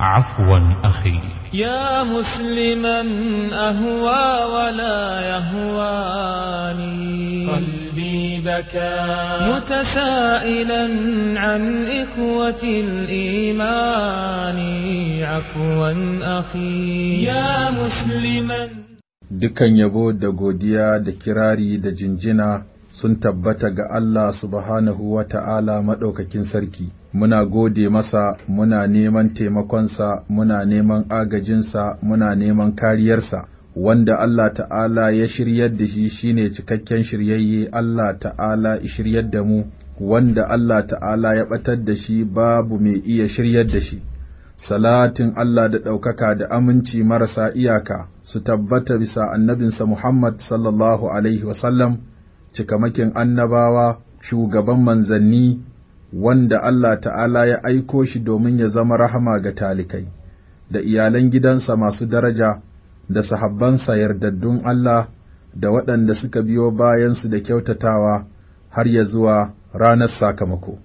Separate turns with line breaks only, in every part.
عفوا أخي يا مسلما أهوى ولا يهواني قلبي بكى متسائلا عن إخوة الإيمان عفوا أخي يا مسلما
دكن يبو دغوديا دكراري دجنجنا سنتبتق الله سبحانه وتعالى مدوك كنسركي muna gode masa muna neman taimakonsa muna neman agajinsa muna neman kariyarsa wanda Allah ta'ala ya shiryar da shi shi ne cikakken shiryayye Allah ta'ala shiryar da mu wanda Allah ta'ala ya ɓatar da shi babu mai iya shiryar da shi salatin Allah da ɗaukaka da aminci marasa iyaka su tabbata bisa annabinsa Muhammad sallallahu Alaihi wasallam, cikamakin annabawa, shugaban manzanni, wanda Allah ta'ala ya aiko shi domin ya zama rahama ga talikai, da iyalan gidansa masu daraja, da sahabbansa yardaddun Allah, da waɗanda suka biyo bayansu da kyautatawa har ya zuwa ranar sakamako.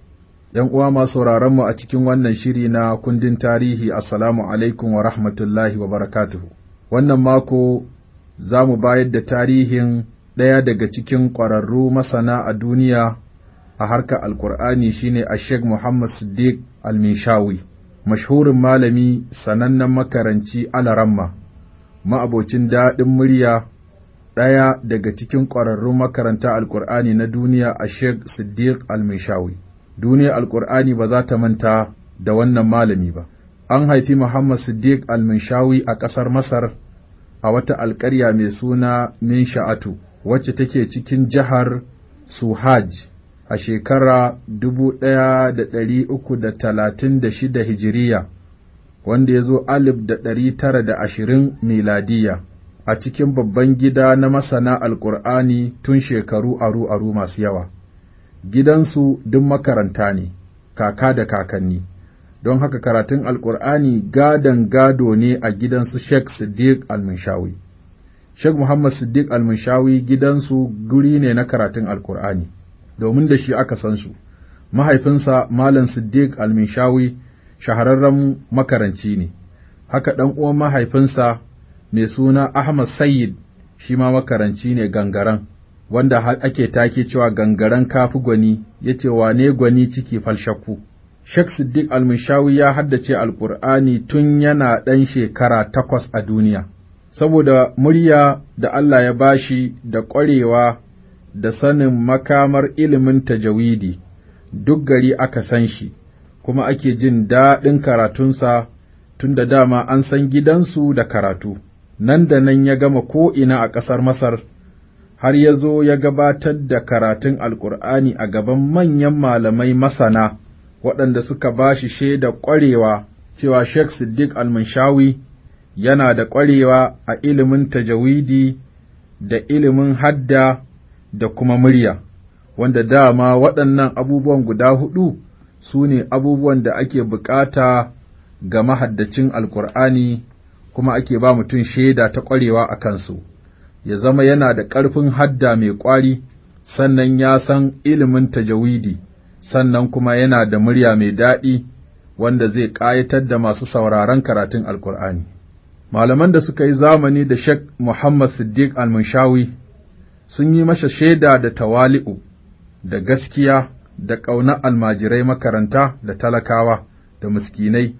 ‘Yan uwa masu mu a cikin wannan shiri na kundin tarihi, Assalamu alaikum wa rahmatullahi wa barakatuhu. Wannan mako za mu bayar da tarihin ɗaya daga cikin ƙwararru masana a duniya a harkar alkur'ani shine Sheikh Muhammad Siddiq Al-Mishawi mashhurin malami sanannen makaranci alaramma ma'abocin daɗin murya ɗaya daga cikin ƙwararrun makaranta alkur'ani na duniya a Sheikh Siddiq Al-Mishawi duniya alkur'ani ba za ta manta da wannan malami ba an haifi Muhammad Siddiq Al-Mishawi a ƙasar Masar a wata alƙarya mai suna Minsha'atu wacce take cikin jihar Suhaj a shekara shida hijiriya wanda ya zo alif da da ɗari tara ashirin miladiya a cikin babban gida na masana alkur'ani tun shekaru aru-aru masu yawa gidansu duk makaranta ne kaka da kakanni don haka karatun alkur'ani gadon gado ne a gidansu sheikh siddiq al-munshawi sheikh muhammad siddiq al-munshawi gidansu guri ne na karatun alkur'ani domin da shi aka san su mahaifinsa malam siddiq alminshawi shahararren makaranci ne haka ɗan uwan mahaifinsa mai suna ahmad sayyid shi ma makaranci ne gangaren wanda ake take cewa gangaren kafi gwani ya ce wane gwani ciki falshakku Sheikh Siddiq alminshawi ya haddace Alkur'ani tun yana ɗan shekara takwas a duniya, saboda murya da Allah ya bashi da ƙwarewa da sanin makamar ilimin tajawidi, duk gari aka san shi, kuma ake jin daɗin karatunsa tun da dama an san gidansu da karatu, nan da nan ya gama ko'ina a ƙasar Masar, har ya zo ya gabatar da karatun Alƙur'ani a gaban manyan malamai masana waɗanda suka ba shi shaida ƙwarewa cewa Sheikh Siddiq Almunshawi yana da ƙwarewa a ilimin tajawidi da ilimin hadda da kuma murya, wanda dama waɗannan abubuwan guda huɗu su ne abubuwan da ake bukata ga mahaddacin Alƙur'ani kuma ake ba mutum shaida ta ƙwarewa a kansu, ya zama yana da ƙarfin hadda mai ƙwari, sannan ya san ilimin tajawidi, sannan kuma yana da murya mai daɗi wanda zai ƙayatar da masu sauraron karatun Alƙur'ani. Malaman da suka yi zamani da Sheikh Muhammad Siddiq Al-Munshawi sun yi masa shaida da tawali'u, da gaskiya, da ƙaunar almajirai makaranta da talakawa, da miskinai,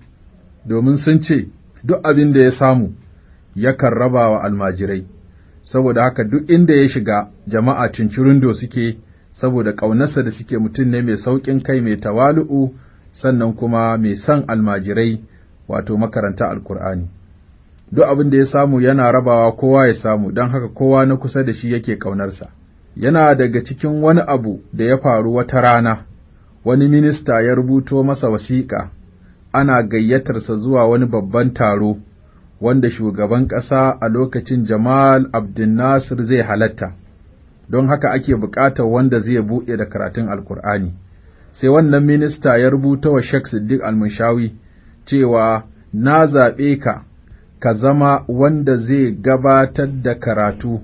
domin sun ce, duk abin da ya samu, yakan raba wa almajirai, saboda haka duk inda ya shiga jama'a cincirindo suke, saboda ƙaunarsa da suke mutum ne mai sauƙin kai mai tawali'u, sannan kuma mai son almajirai, wato makaranta alkur'ani duk abin da ya samu yana rabawa kowa ya samu don haka kowa na kusa da shi yake ƙaunarsa. Yana daga cikin wani abu da ya faru wata rana, wani minista ya rubuto masa wasiƙa, ana gayyatarsa zuwa wani babban taro, wanda shugaban ƙasa a lokacin Jamal Abdulnasir zai halatta, don haka ake buƙatar wanda zai buɗe da karatun Alkur'ani. Sai wannan minista ya rubuta wa Sheikh Siddiq Almunshawi cewa, Na zaɓe ka ka zama wanda zai gabatar da karatu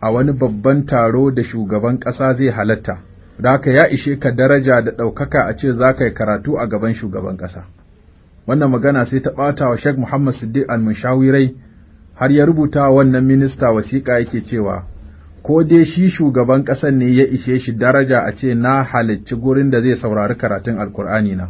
a wani babban taro da shugaban ƙasa zai halatta, da haka ya ishe ka daraja da ɗaukaka a ce za ka yi karatu a gaban shugaban ƙasa. Wannan magana sai ta ɓata wa Sheikh Muhammad Siddiq al-Mushawirai har ya rubuta wannan minista wasiƙa yake cewa, ko dai shi shugaban ƙasar ne ya ishe shi daraja a ce na halicci gurin da zai saurari karatun Alƙur'ani na.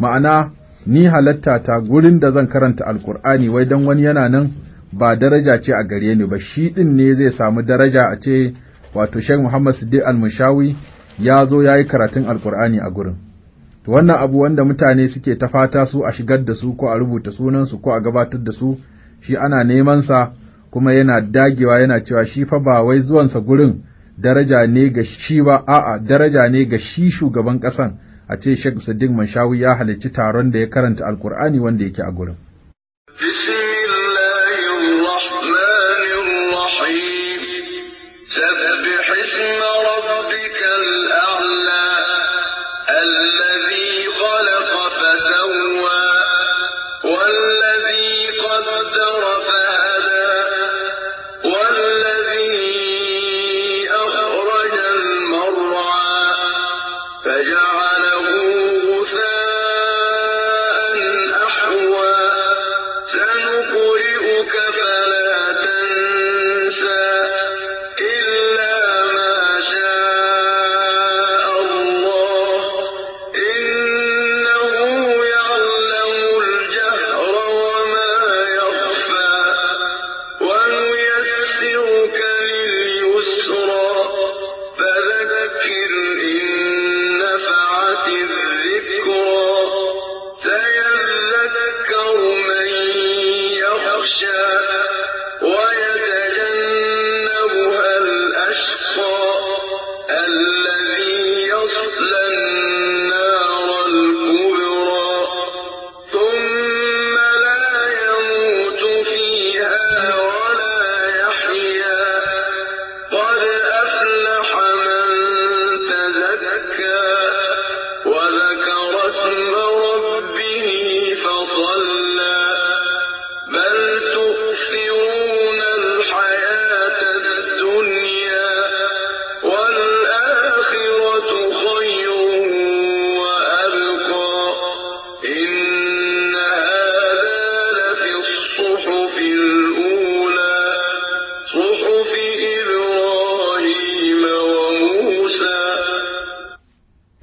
Ma'ana, ni halatta ta gurin da zan karanta alkur'ani wai dan wani yana nan ba daraja ce a gare ni ba shi din ne zai samu daraja a ce wato Sheikh Muhammad Siddiq Al-Mushawi ya zo yayi karatun alkur'ani a gurin to wannan abu wanda mutane suke ta fata su a shigar da su ko a rubuta sunan su ko a gabatar da su shi ana neman sa kuma yana dagewa yana cewa shi fa ba wai zuwansa gurin daraja ne ga shi ba a'a daraja ne ga shi shugaban kasan. a ce Sheikh Sadiq Manshawi ya halarci taron da ya karanta Alkur'ani wanda yake a gurin. فجعل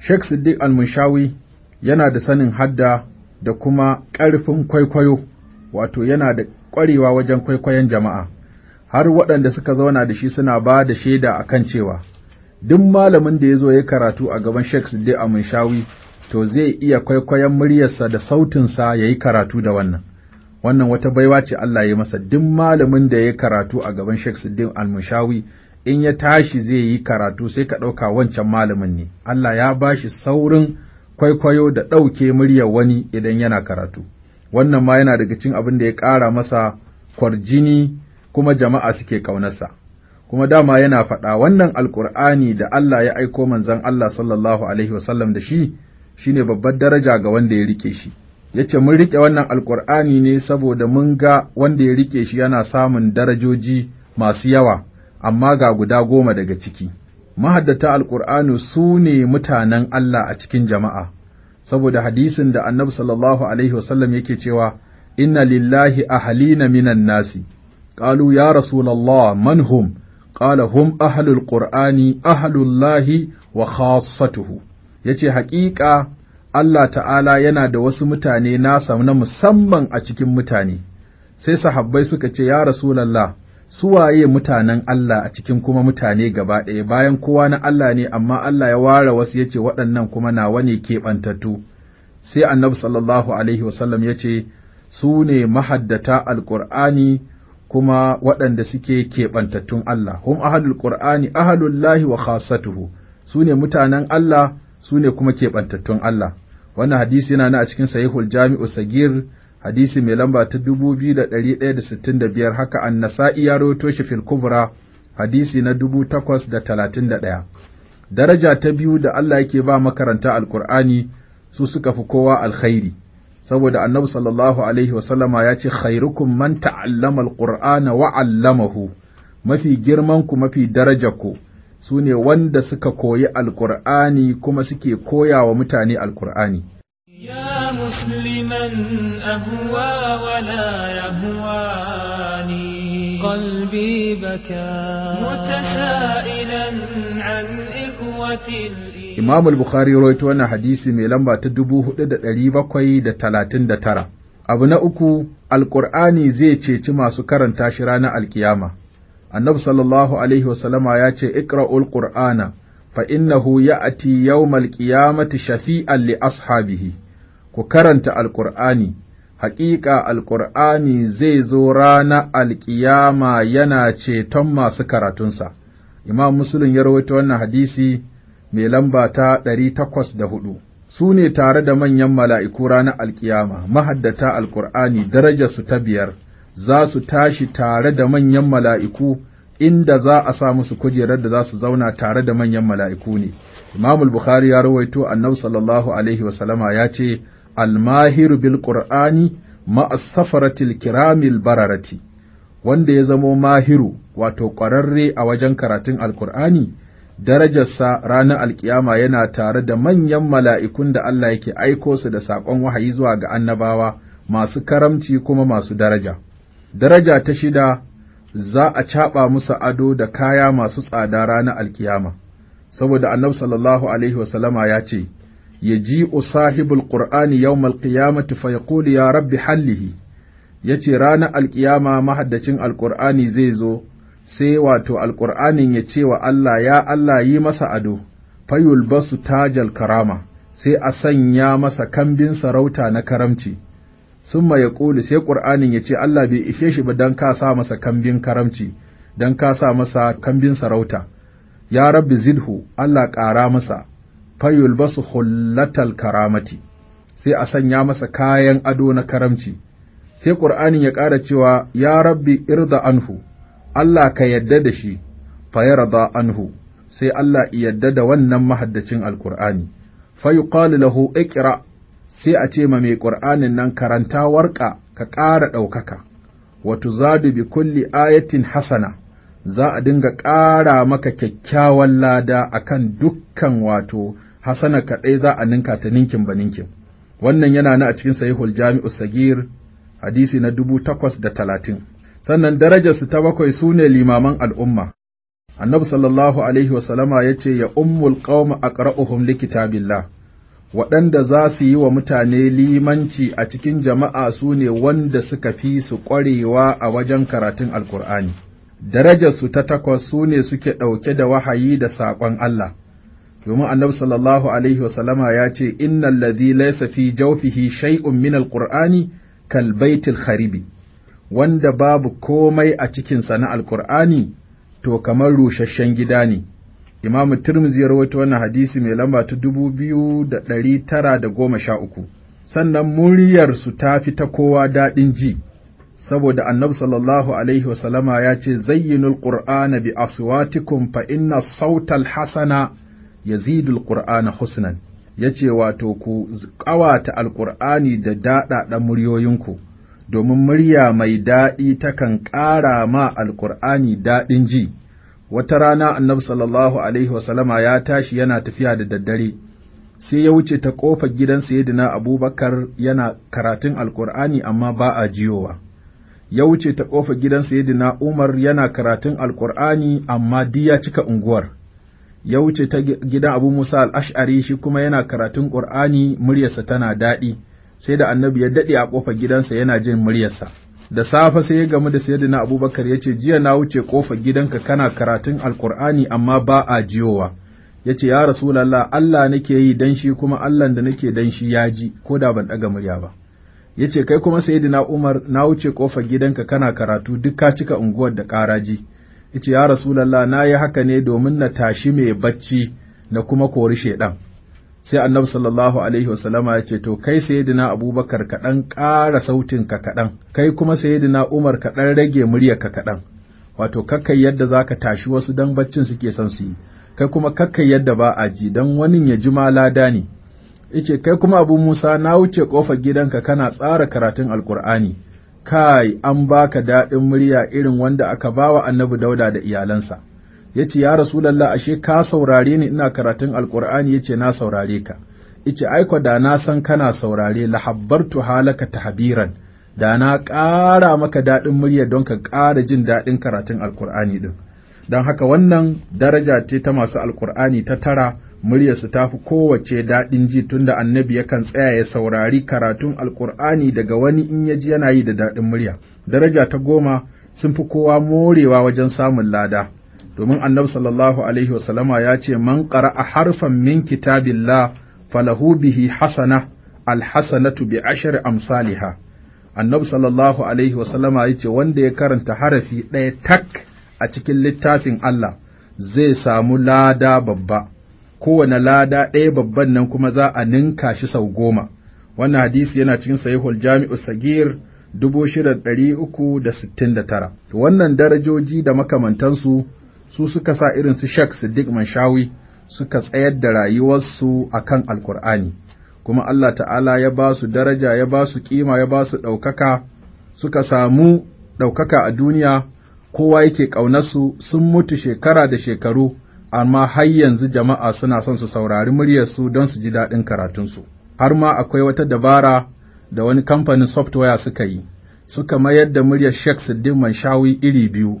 Sheikh Siddiq al-Munshawi yana da sanin hadda da kuma ƙarfin kwaikwayo, wato yana da ƙwarewa wajen kwaikwayon jama'a, har waɗanda suka zauna da shi suna ba da shaida a kan cewa, duk malamin da ya zo ya karatu a gaban Sheikh Siddiq al-Munshawi, to zai iya kwaikwayon muryarsa da sautinsa ya yi karatu da wannan. Wannan wata baiwa ce Allah ya masa duk malamin da ya karatu a gaban Sheikh Siddiq al-Munshawi in ya tashi zai yi karatu sai ka ɗauka wancan malamin ne Allah ya ba shi saurin kwaikwayo da ɗauke muryar wani idan yana karatu wannan ma yana daga cikin abin da ya ƙara masa kwarjini kuma jama'a suke ƙaunarsa kuma dama yana faɗa wannan Alƙur'ani da Allah ya aiko manzon Allah sallallahu alaihi wasallam da shi shi ne babbar daraja ga wanda ya rike shi Ya ce mun rike wannan Alƙur'ani ne saboda mun ga wanda ya rike shi yana samun darajoji masu yawa amma ga guda goma daga ciki mahaddata Al’ur’anu su ne mutanen Allah a cikin jama'a saboda hadisin da annabi sallallahu alaihi wasallam yake cewa inna lillahi ahalina minan nasi ƙalu ya rasulullah man hum ƙala hum ahlul ƙur'ani ahlullahi wa Ya yace haƙiƙa Allah ta'ala yana da wasu mutane nasa na musamman a cikin mutane sai sahabbai suka ce ya rasulallah Su waye mutanen Allah a cikin kuma mutane gaba ɗaya bayan kowa na Allah ne amma Allah ya ware wasu yace waɗannan kuma nawa ne keɓantattu sai annabi sallallahu alaihi wasallam yace su ne mahaddata alqur'ani kuma waɗanda suke keɓantattun Allah hum ahlul qur'ani ahlullahi wa khassatuhu su ne mutanen Allah su ne kuma keɓantattun Allah wannan hadisi yana na a cikin sahihul jami'u sagir hadisi mai lamba ta da biyar haka annasa'i ya rawaito shi fil kubra hadisi na ɗaya daraja ta biyu da Allah yake ba makaranta alkur'ani su suka fi kowa alkhairi saboda annabi sallallahu alaihi wasallama ya ce khairukum man ta'allama alqur'ana wa 'allamahu mafi girman ku mafi daraja ku sune wanda suka koyi alkur'ani kuma suke koya wa mutane alkur'ani
يا مسلما أهوى ولا يهواني قلبي بكى متسائلا عن إخوة الإيمان
إمام البخاري رويت وانا حديثي ميلان باتدبوه دا دليبا كوي دا تلاتين دا ترى أبنا أكو القرآني زي چه چما سكران تاشرانا الكيامة النبي صلى الله عليه وسلم يا اقرأ اقرأوا القرآن فإنه يأتي يوم القيامة شفيئا لأصحابه ku karanta alƙur'ani, haƙiƙa alƙur'ani zai zo rana alƙiyama yana ceton masu karatunsa. Imam Musulun ya rawaita wannan hadisi mai lamba ta ɗari takwas da hudu. Su ne tare da manyan mala'iku rana alƙiyama, mahaddata alƙur'ani su ta biyar, za su tashi tare da manyan mala'iku inda za a sa musu kujerar da za su zauna tare da manyan mala'iku ne. Imam Bukhari ya rawaito annabi sallallahu alaihi wasallama ya ce, almahiru bil qur'ani ma'as safaratil kiramil bararati wanda ya zamo mahiru wato ƙwararre a wajen karatun alkur'ani darajarsa ranar alkiyama yana tare da manyan mala'ikun da Allah yake aiko su da saƙon wahayi zuwa ga annabawa masu karamci kuma masu daraja. Daraja ta shida za a caɓa musu ado da kaya masu tsada ranar alkiyama, saboda annabi sallallahu Alaihi wasallama ya ce, yaji'u sahibul qur'ani yawmal qiyamati fa yaqulu ya rabbi hallihi yace ranar alƙiyama mahaddacin alqur'ani zai zo sai wato alqur'anin ya ce wa Allah ya Allah yi masa ado fayul basu tajal karama sai a sanya masa kambin sarauta na karamci summa ya sai ƙur'anin ya ce Allah bai ishe shi ba don ka sa masa kambin karamci don ka sa masa kambin sarauta ya rabbi zidhu Allah ƙara masa su hullatal karamati sai a sanya masa kayan ado na karamci sai ƙur'anin ya ƙara cewa ya rabbi irda anhu Allah ka yadda da shi fayarda anhu sai Allah yadda da wannan mahaddacin alƙur'ani fayuqalu lahu iqra sai a ce ma mai ƙur'anin nan karanta warka ka ƙara ɗaukaka wato zadu bi kulli ayatin hasana za a dinga ƙara maka kyakkyawan lada akan dukkan wato hasana kaɗai za a ninka ta ninkin ba ninkin wannan yana na a cikin sahihul jami'us sagir hadisi na dubu takwas da talatin sannan darajarsu ta bakwai su ne limaman al'umma annabi sallallahu alaihi wasallama ya ce ya ummul qauma aqra'uhum likitabillah waɗanda za su yi wa mutane limanci a cikin jama'a su ne wanda suka fi su ƙwarewa a wajen karatun alkur'ani darajarsu ta takwas su ne suke ɗauke da wahayi da saƙon Allah domin annabi sallallahu alaihi wasallama ya ce innal ladhi laysa fi jawfihi shay'un min alqur'ani kal baitil kharibi wanda babu komai a cikin sa na alqur'ani to kamar rusasshen gida ne Imam Tirmidhi ya rawaito wannan hadisi mai lamba ta 2913 sannan muryar su ta fi ta kowa dadin ji saboda annabi sallallahu alaihi wasallama ya ce zayyinul qur'ana bi aswatikum fa inna sautal hasana yazidul qur'ana husnan yace wato ku ƙawata alqur'ani da daɗaɗa muryoyinku domin murya mai daɗi takan ƙara ma alqur'ani daɗin ji wata rana annabi sallallahu alaihi wasallama ya tashi yana tafiya da daddare sai ya wuce ta ƙofar gidan sayyidina abubakar yana karatun alkur'ani amma ba a jiyowa ya wuce ta ƙofar gidan sayyidina umar yana karatun alqur'ani amma duk ya cika unguwar ya wuce ta gidan Abu Musa al-Ash'ari shi kuma yana karatun ƙur'ani muryarsa tana daɗi sai da annabi ya daɗe a ƙofar gidansa yana jin muryarsa da safe sai ya gamu da saidina Abubakar ya ce jiya na wuce ƙofar gidanka kana karatun Alƙur'ani amma ba a jiyowa ce ya rasu lalla. Allah nake yi dan shi kuma Allah da nake dan shi ya ji ko da ban ɗaga murya ba Ya ce kai kuma saidina Umar na wuce ƙofar gidanka kana karatu duk ka cika unguwar da ƙaraji yace ya rasulullah na yi haka ne domin na tashi mai bacci na kuma kori shedan sai annabi sallallahu alaihi wasallama ya ce to kai sayyidina abubakar ka dan ƙara sautin ka kaɗan kai kuma sayyidina umar ka dan rage muryar ka kaɗan wato kakkai yadda zaka tashi wasu dan baccin suke son su yi kai kuma kakkai yadda ba a ji dan wani ya ji lada ne yace kai kuma abu musa na wuce kofar gidanka kana tsara karatun alkur'ani kai an baka daɗin murya irin wanda aka bawa annabi dauda da iyalansa ya ce ya rasulallah ashe ka saurare ni ina karatun alkur'ani ya ce na saurare ka ice aiko da na san kana saurare lahabbartu halaka tahbiran da na ƙara maka daɗin murya don ka ƙara jin daɗin karatun alkur'ani ɗin don haka wannan daraja ce ta masu alkur'ani ta tara muryarsu ta fi kowace daɗin ji tunda annabi yakan tsaya ya saurari karatun alkur'ani daga wani in ya ji yana yi da daɗin murya daraja ta goma sun fi kowa morewa wajen samun lada domin annabi sallallahu alaihi wasallama ya ce man qara'a harfan min kitabillah falahu bihi hasana alhasanatu bi ashri amsalha annabi sallallahu alaihi wasallama ya ce wanda ya karanta harafi ɗaya tak a cikin littafin Allah zai samu lada babba kowane lada ɗaya babban nan kuma za a ninka shi sau goma wannan hadisi yana cikin sahihul jami'u sagir tara. wannan darajoji da makamantansu su suka sa irin su Sheikh Siddiq Manshawi suka tsayar da rayuwarsu a akan Alkur'ani kuma Allah ta'ala ya ba su daraja ya ba su kima ya ba su ɗaukaka suka samu ɗaukaka a duniya kowa yake ƙaunarsu sun mutu shekara da shekaru amma har yanzu jama'a suna son su saurari muryarsu don su ji daɗin su, Har ma akwai wata dabara da wani kamfanin software suka yi, suka mayar da muryar Sheikh Siddin Manshawi iri biyu,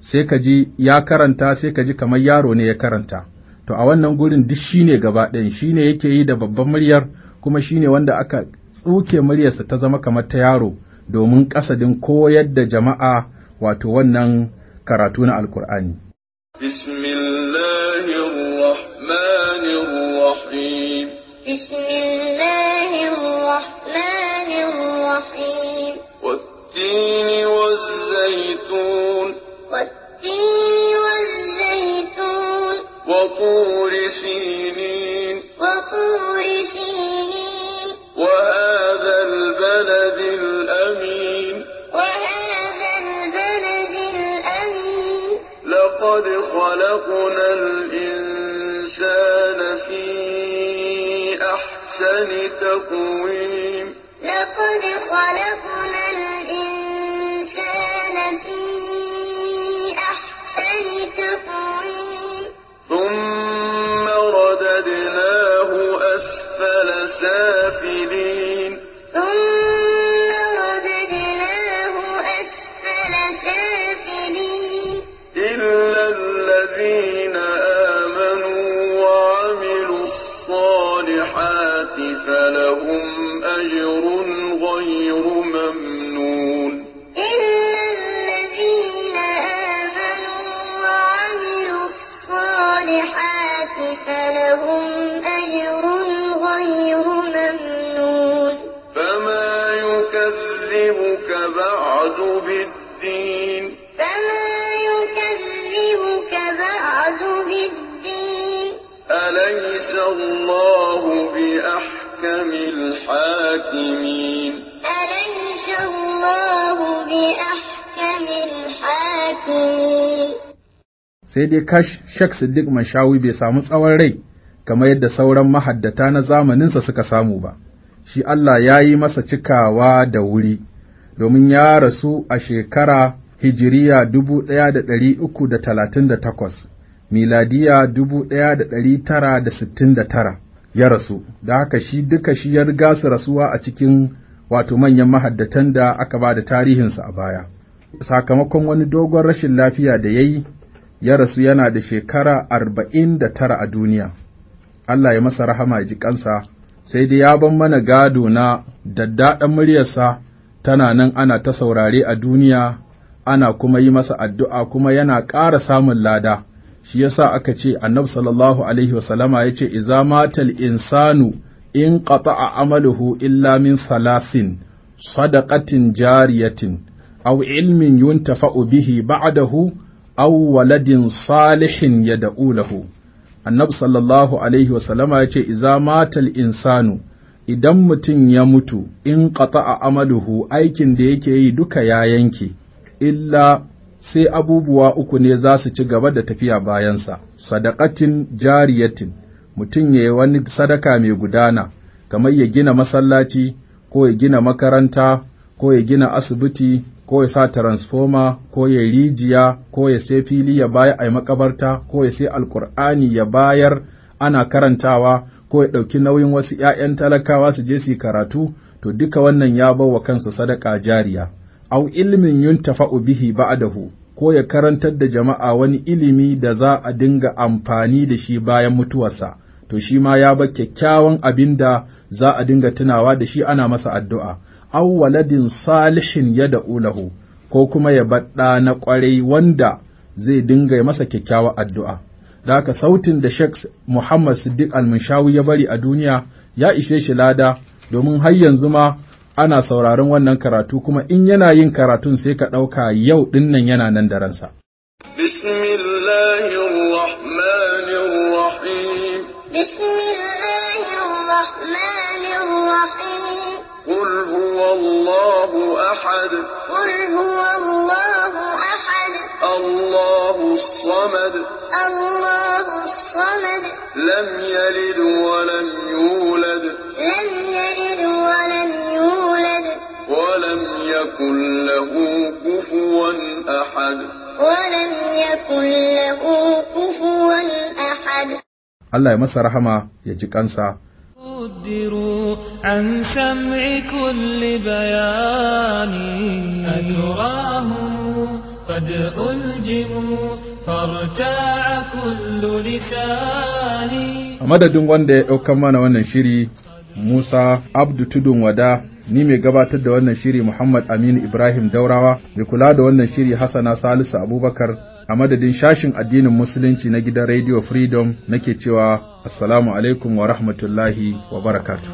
sai ka ji ya karanta sai ka ji kamar yaro ne ya karanta. To a wannan gurin duk shine ne gaba ɗayan shi ne yake yi da babban muryar kuma shi ne wanda aka tsuke muryarsa ta zama kamar ta yaro domin kasadin koyar da jama'a wato wannan karatu na Alkur'ani.
لقد خلقنا الإنسان في أحسن تقويم
لقد خلقنا الإنسان في أحسن تقويم
ثم رددناه أسفل سافلين الْيَوْمَ
sai dai kash Sheikh Siddiq Mashawi bai samu tsawon rai kamar yadda sauran mahaddata na zamaninsa suka samu ba shi Allah ya yi masa cikawa da wuri domin ya rasu a shekara hijiriya 1338 miladiya da tara ya rasu da haka shi duka shi ya riga su rasuwa a cikin wato manyan mahaddatan da aka ba da tarihinsu a baya sakamakon wani dogon rashin lafiya da ya yi ya rasu yana da shekara arba'in da tara a duniya Allah ya masa rahama ya ji kansa sai dai ya ban mana gado na daddaɗan muryarsa tana nan ana ta saurare a duniya ana kuma yi masa addu'a kuma yana ƙara samun lada shi yasa aka ce annabi sallallahu alaihi wasallama ya ce iza matal insanu in qata'a amaluhu illa min salasin sadaqatin jariyatin Au ilmin yuntafa'u bihi ba'dahu aw waladin salihin yad'u lahu annabi sallallahu alaihi sallama ya ce iza matal insanu idan mutum ya mutu in qata amaluhu aikin da yake yi duka ya yanke illa sai abubuwa uku ne za su ci gaba da tafiya bayansa sadaqatin jariyatin mutum ya yi wani sadaka mai gudana kamar ya gina masallaci ko ya gina makaranta ko ya gina asibiti ko ya sa transformer ko ya rijiya ko ya sai fili ya bayar a makabarta ko ya sai alkur'ani ya bayar ana karantawa ko ya ɗauki nauyin wasu ‘ya'yan talakawa su je su karatu to duka wannan ya bawa kansa sadaka jariya au ilimin ilmin tafa'u bihi ba'dahu ko ya karantar da jama'a wani ilimi da za a dinga amfani da shi bayan mutuwarsa to shi ma ya ba kyakkyawan abin da za a dinga tunawa da shi ana masa addu'a aw waladin salihin ya lahu ko kuma ya baɗa na ƙwarai wanda zai dinga masa kyakkyawa addu'a. Da haka sautin da Sheikh Muhammad Siddiq Al-Munshawi ya bari a duniya ya ishe shi lada domin har yanzu ma ana sauraron wannan karatu kuma in yana yin karatun sai ka ɗauka yau ɗinnan yana nan da ransa.
أحد قل
هو الله أحد
الله الصمد
الله الصمد
لم يلد ولم يولد
لم يلد ولم يولد
ولم يكن له كفوا أحد
ولم يكن له كفوا أحد
الله يمسى رحمه يجيك أنسى
قدروا عن سمع كل بيان أتراهم قد ألجموا فارتاع كل لسان
a madadin wanda ya ɗaukar mana wannan shiri Musa Abdu Tudun Wada ni mai gabatar da wannan shiri Muhammad Aminu Ibrahim Daurawa mai kula da wannan shiri Hassana Salisu Abubakar a madadin shashin addinin musulunci na gidan Radio Freedom nake cewa assalamu alaikum wa rahmatullahi wa barakatuh.